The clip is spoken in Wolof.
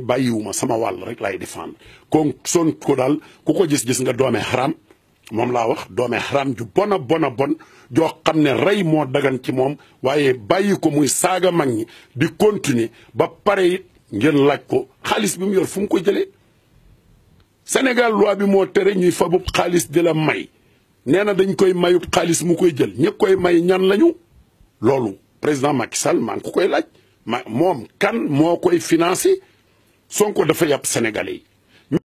bàyyiwuma sama wàll rek laay défendre kon Sonko daal ku ko gis-gis nga doomee xaram moom laa wax doomee xaram ju bon a bon a bon joo xam ne rey moo dagan ci moom waaye bàyyi ko muy saaga mag ñi di continuer ba pare it ngeen laaj ko xaalis bi mu yor fu mu ko jële Sénégal loi bi moo tere ñuy fabub xaalis di la may nee na dañ koy mayub xaalis mu koy jël ñi koy may ñan lañu loolu président Macky Sall maa ngi ko koy laaj ma moom kan moo koy financé Sonko dafa yàpp sénégalais yi